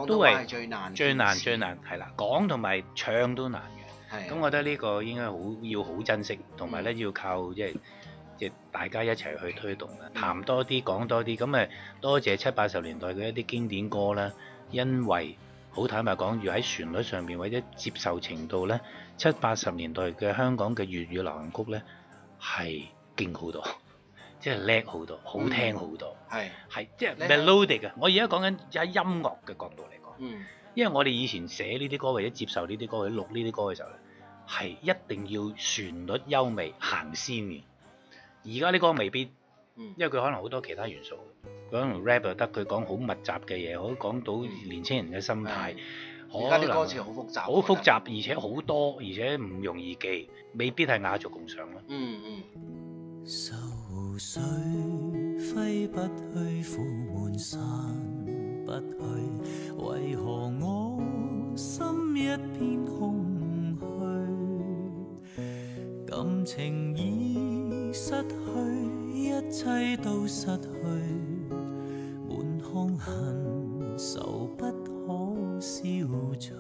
都係最難，是最，難最難，最難，係啦，講同埋唱都難嘅。咁的我覺得呢個應該好要好珍惜，同埋咧要靠即係。Mm hmm. 即係即大家一齊去推動啦，談多啲，講多啲，咁誒多謝七八十年代嘅一啲經典歌啦。因為好坦白講，如喺旋律上面或者接受程度咧，七八十年代嘅香港嘅粵語流行曲咧係勁好多，即係叻好多，好聽好多。係係即係 melodic 啊！我而家講緊喺音樂嘅角度嚟講，嗯、因為我哋以前寫呢啲歌或者接受呢啲歌或者錄呢啲歌嘅時候咧，係一定要旋律優美，行先嘅。而家呢個未必，因為佢可能好多其他元素，可能 rap 又得，佢講好密集嘅嘢，可以講到年青人嘅心態。而家啲歌詞好複雜，好複雜，覺而且好多，而且唔容易記，未必係雅俗共賞咯、嗯。嗯嗯。失去一切都失去，滿腔恨愁不可消除。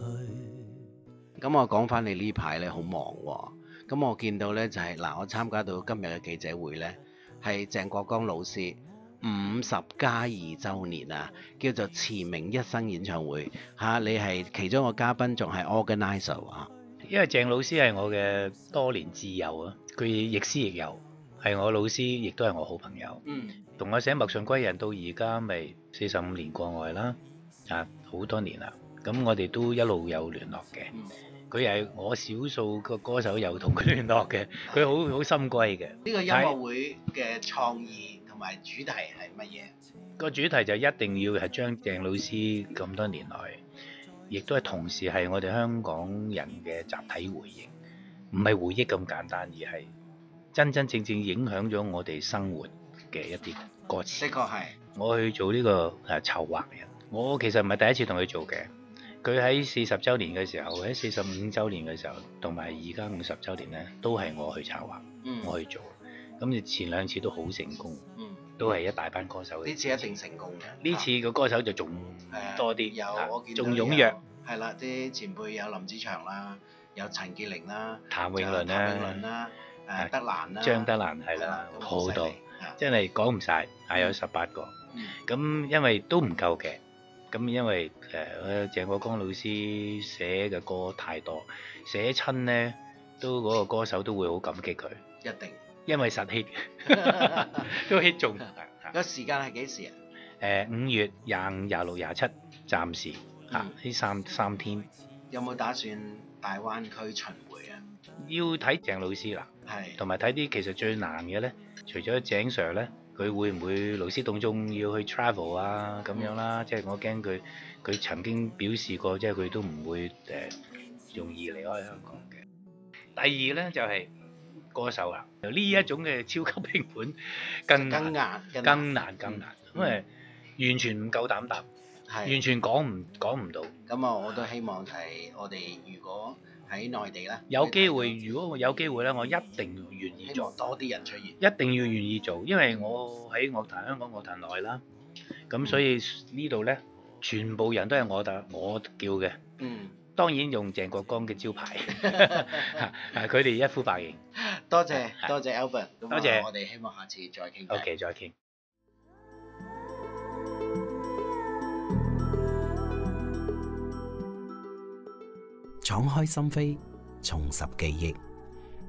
咁我講翻你呢排咧好忙喎，咁我見到咧就係嗱，我參、就是、加到今日嘅記者會咧，係鄭國江老師五十加二周年啊，叫做詞名一生演唱會吓，你係其中一個嘉賓仲係 organiser 啊，organ 因為鄭老師係我嘅多年摯友啊，佢亦師亦友。係我老師，亦都係我好朋友。嗯，同我寫《陌上歸人》到而家咪四十五年過外啦，啊，好多年啦。咁我哋都一路有聯絡嘅。佢係我少數個歌手有同佢聯絡嘅。佢好好心歸嘅。呢個音樂會嘅創意同埋主題係乜嘢？個主題就一定要係將鄭老師咁多年來，亦都係同時係我哋香港人嘅集體回憶，唔係回憶咁簡單，而係。真真正正影響咗我哋生活嘅一啲歌詞確，的確係我去做呢個誒籌劃嘅人。我其實唔係第一次同佢做嘅，佢喺四十週年嘅時候，喺四十五週年嘅時候，同埋而家五十週年咧，都係我去籌劃，嗯、我去做。咁前兩次都好成功，嗯、都係一大班歌手。呢次一定成功嘅。呢次個歌手就仲多啲、啊，有仲踴躍，係啦、啊，啲前輩有林子祥啦，有陳潔玲啦，譚詠麟啦。啊，德蘭啦，張德蘭係啦，好多，真係講唔晒，係有十八個，咁因為都唔夠嘅，咁因為誒鄭國江老師寫嘅歌太多，寫親咧都嗰個歌手都會好感激佢，一定，因為實 hit，都 hit 中，個時間係幾時啊？誒五月廿五、廿六、廿七，暫時嚇，呢三三天。有冇打算大灣區巡迴啊？要睇鄭老師啦。係，同埋睇啲其實最難嘅咧，除咗鄭 Sir 咧，佢會唔會勞師動眾要去 travel 啊咁樣啦？即係、嗯、我驚佢，佢曾經表示過，即係佢都唔會誒、呃、容易離開香港嘅。嗯、第二咧就係、是、歌手啊，就呢、嗯、一種嘅超級評判更難，更難，更難，因為完全唔夠膽答，嗯、完全講唔講唔到。咁啊，我都希望係、嗯、我哋如果。喺內地啦，有機會，看看如果我有機會咧，我一定要願意做，做多啲人出現。一定要願意做，因為我喺樂壇，香港樂壇內啦。咁所以這裏呢度咧，全部人都係我打我叫嘅。嗯，當然用鄭國江嘅招牌，佢哋 一呼百應。多謝多謝 Albert 多謝我哋，希望下次再傾。OK，再傾。敞開心扉，重拾記憶，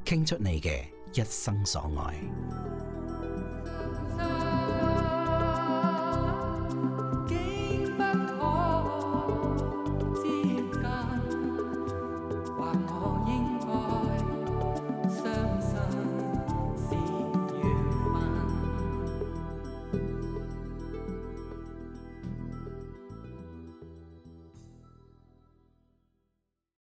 傾出你嘅一生所愛。